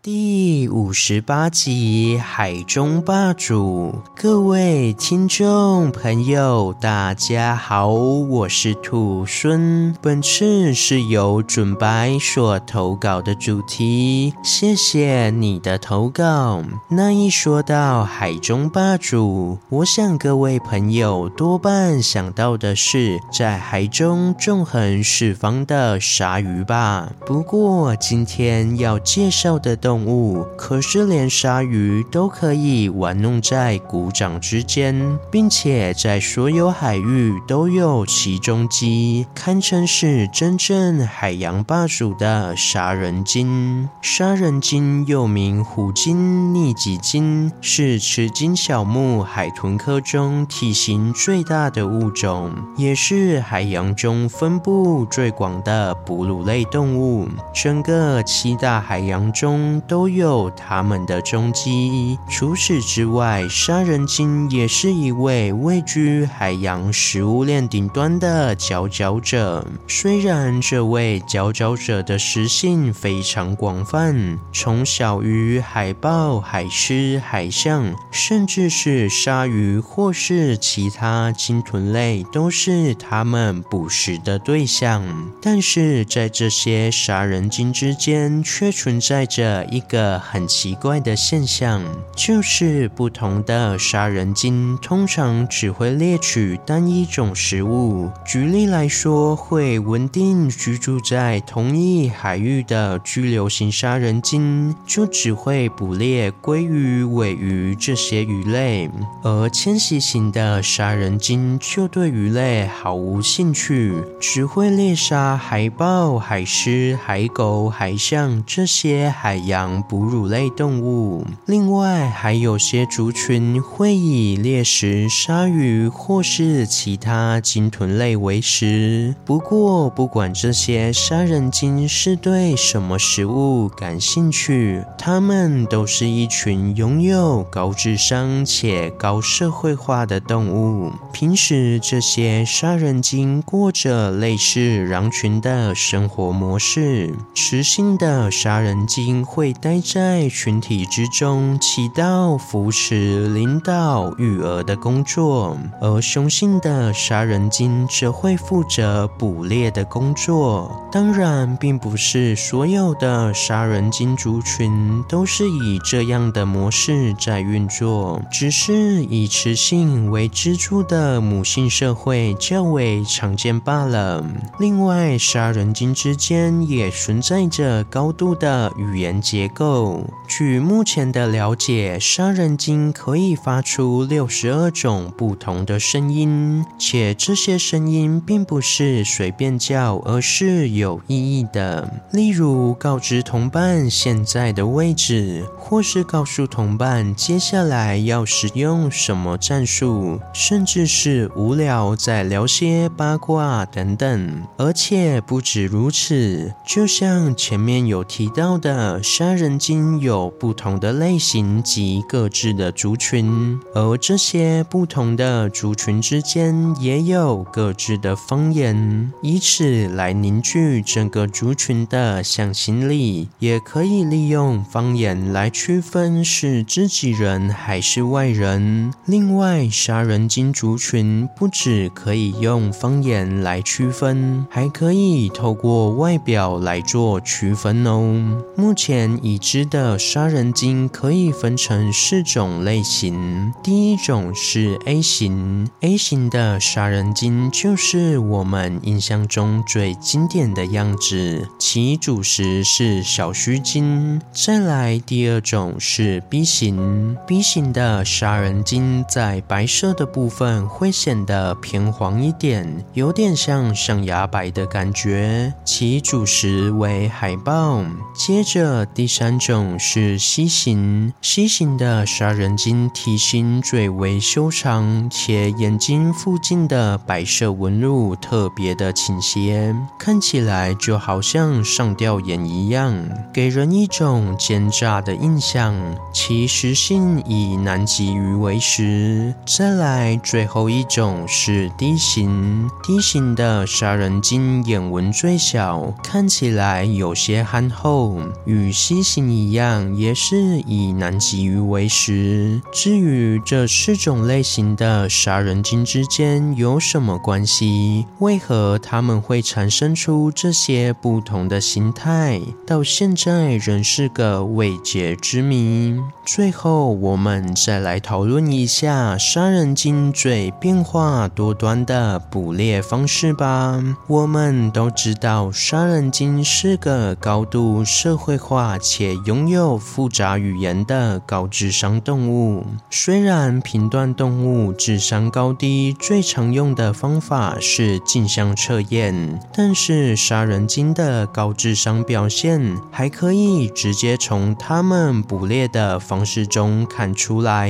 第五十八集《海中霸主》，各位聽眾朋友，大家好，我是兔猻，本次是由准白所投稿的主題，謝謝你的投稿。那一說到海中霸主，我想各位朋友多半想到的是在海中縱橫四方的鯊魚吧？不過今天要介紹的動物可是連鯊魚都可以玩弄在鼓掌之間，並且在所有海域都有其中擊，堪稱是真正海洋霸主的殺人鯨。殺人鯨又名虎鯨、逆戟鯨，是齒鯨小目海豚科中體型最大的物種，也是海洋中分布最廣的哺乳類動物。整個七大海洋中，都有他們的蹤跡。除此之外，殺人鯨也是一位位居海洋食物鏈頂端的佼佼者。雖然這位佼佼者的食性非常廣泛，從小魚、海豹、海獅、海象，甚至是鯊魚或是其他鯨豚類，都是他們捕食的對象。但是在這些殺人鯨之間，卻存在着。一個很奇怪的現象，就是不同的殺人鯨通常只會獵取單一種食物。舉例來說，會穩定居住在同一海域的居留型殺人鯨，就只會捕獵鮭魚、尾魚、魚這些魚類；而遷徙型的殺人鯨，就對魚類毫無興趣，只會獵殺海豹、海獅、海狗、海象這些海洋。當哺乳類動物，另外還有些族群會以獵食鯊魚或是其他鯨豚類為食。不過，不管這些殺人鯨是對什麼食物感興趣，它們都是一群擁有高智商且高社會化的動物。平時，這些殺人鯨過着類似狼群的生活模式。雌性的殺人鯨會。待在群體之中祈禱，起到扶持、領導、育兒的工作；而雄性的殺人鯨則會負責捕獵的工作。當然，並不是所有的殺人鯨族群都是以這樣的模式在運作，只是以雌性為支柱的母性社會較為常見罷了。另外，殺人鯨之間也存在着高度的語言系結構，據目前的了解，殺人鯨可以發出六十二種不同的聲音，且這些聲音並不是隨便叫，而是有意義的。例如，告知同伴現在的位置，或是告訴同伴接下來要使用什麼戰術，甚至是無聊在聊些八卦等等。而且不止如此，就像前面有提到的殺人鯨。殺人鯨有不同的類型及各自的族群，而這些不同的族群之間也有各自的方言，以此來凝聚整個族群的向心力。也可以利用方言來區分是自己人還是外人。另外，殺人鯨族群不只可以用方言來區分，還可以透過外表來做區分哦。目前。已知的殺人鯨可以分成四種類型。第一種是 A 型，A 型的殺人鯨就是我們印象中最經典的樣子，其主食是小須鯨。再來，第二種是 B 型，B 型的殺人鯨在白色的部分會顯得偏黃一點，有點像象牙白的感覺，其主食為海豹。接着。第三種是 C 型，C 型的殺人鯨體型最為修長，且眼睛附近的白色紋路特別的傾斜，看起來就好像上吊眼一樣，給人一種奸詐的印象。其食性以南極魚為食。再來，最後一種是 D 型，D 型的殺人鯨眼紋最小，看起來有些憨厚，與。畸形一樣，也是以南極魚為食。至於這四種類型的殺人鯨之間有什麼關係，為何它們會產生出這些不同的形態，到現在仍是個未解之謎。最後，我們再來討論一下殺人鯨最變化多端的捕獵方式吧。我們都知道，殺人鯨是個高度社會化。且擁有複雜語言的高智商動物，雖然評斷動物智商高低最常用的方法是鏡像測驗，但是殺人鯨的高智商表現還可以直接從它們捕獵的方式中看出來。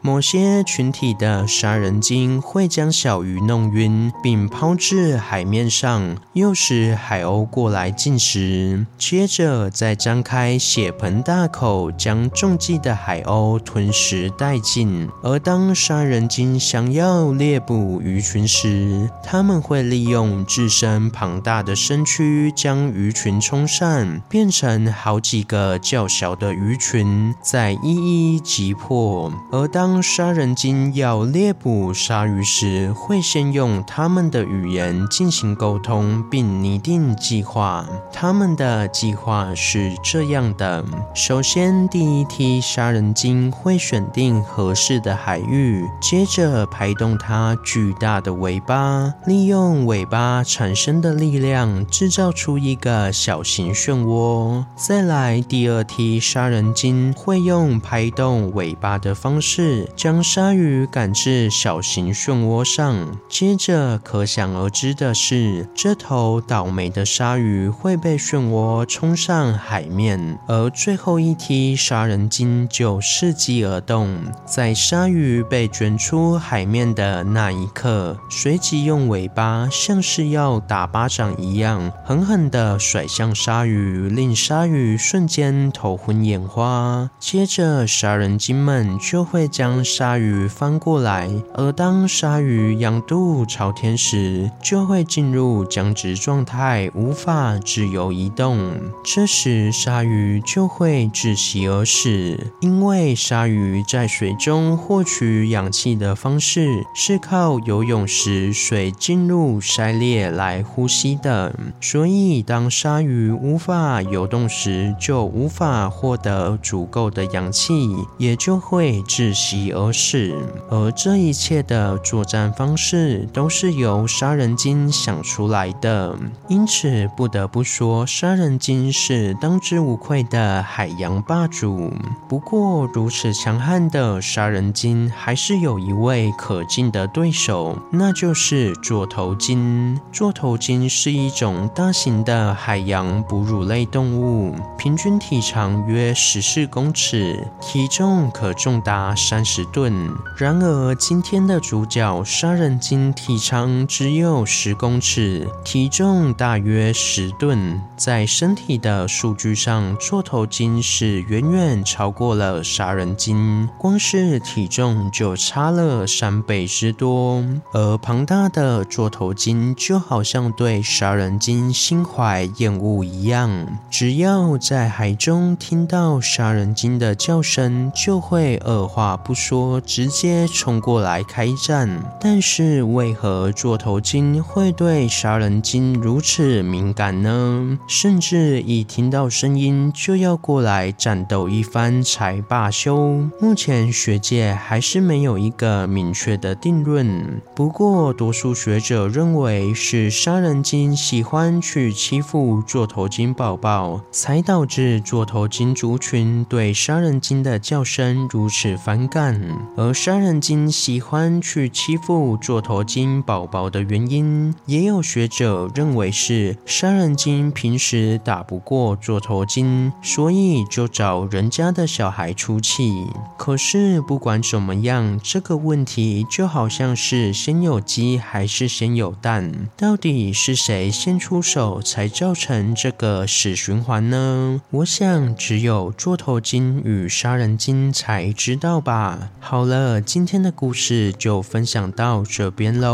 某些群體的殺人鯨會將小魚弄暈，並拋至海面上，誘使海鷗過來進食，接着再張開。血盆大口將中計的海鷗吞食殆盡。而當殺人鯨想要獵捕魚群時，他們會利用自身龐大的身軀將魚群沖散，變成好幾個較小的魚群，再一一擊破。而當殺人鯨要獵捕鯊魚時，會先用他們的語言進行溝通，並擬定計劃。他們的計劃是這樣的。上等，首先，第一梯殺人鯨會選定合適的海域，接着拍動它巨大的尾巴，利用尾巴產生的力量制造出一個小型漩渦。再來，第二梯殺人鯨會用拍動尾巴的方式將鯊魚趕至小型漩渦上，接着可想而知的是，這頭倒霉的鯊魚會被漩渦沖上海面。而最後一批殺人鯨就伺機而動，在鯊魚被捲出海面的那一刻，隨即用尾巴像是要打巴掌一樣，狠狠地甩向鯊魚，令鯊魚瞬間頭昏眼花。接着，殺人鯨們就會將鯊魚翻過來，而當鯊魚仰肚朝天時，就會進入僵直狀態，無法自由移動。這時，鯊魚。魚就會窒息而死，因為鯊魚在水中獲取氧氣的方式是靠游泳時水進入鰓裂來呼吸的，所以當鯊魚無法游動時，就無法獲得足夠的氧氣，也就會窒息而死。而這一切的作戰方式都是由殺人鯨想出來的，因此不得不說，殺人鯨是當之無愧。會的海洋霸主，不過如此強悍的殺人鯨還是有一位可敬的對手，那就是座頭鯨。座頭鯨是一種大型的海洋哺乳類動物，平均體長約十四公尺，體重可重達三十噸。然而，今天的主角殺人鯨體長只有十公尺，體重大約十噸，在身體的數據上，座頭鯨是遠遠超過了殺人鯨，光是體重就差了三倍之多。而龐大的座頭鯨就好像對殺人鯨心懷厭惡一樣，只要在海中聽到殺人鯨的叫聲，就會二話不說直接衝過來開戰。但是為何座頭鯨會對殺人鯨如此敏感呢？甚至一聽到聲音。就要過來戰鬥一番才罷休。目前學界還是沒有一個明確的定論。不過，多數學者認為是殺人鯨喜歡去欺負座頭鯨寶寶，才導致座頭鯨族群對殺人鯨的叫聲如此反感。而殺人鯨喜歡去欺負座頭鯨寶寶的原因，也有學者認為是殺人鯨平時打不過座頭鯨。所以就找人家的小孩出氣。可是不管怎麼樣，這個問題就好像是先有雞還是先有蛋，到底是誰先出手才造成這個死循環呢？我想只有座頭鯨與殺人鯨才知道吧。好了，今天的故事就分享到這邊嘍。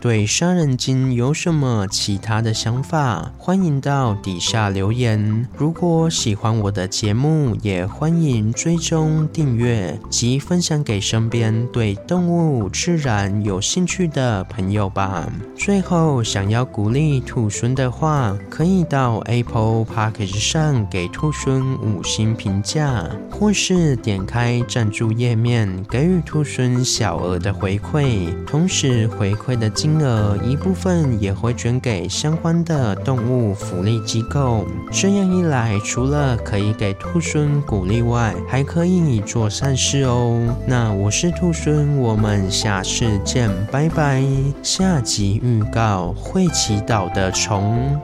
對殺人鯨有什麼其他的想法？歡迎到底下留言。如果喜歡我的節目，也歡迎追蹤訂閱及分享給身邊對動物自然有興趣的朋友吧。最後，想要鼓勵兔猻的話，可以到 Apple Package 上給兔猻五星評價，或是點開贊助頁面給予兔猻小額的回饋，同時回饋的金額一部分也會捐給相關的動物福利機構。這樣一來，除除了可以給兔猻鼓勵外，還可以做善事哦！那我是兔猻，我們下次見，拜拜。下集預告：會祈禱的蟲。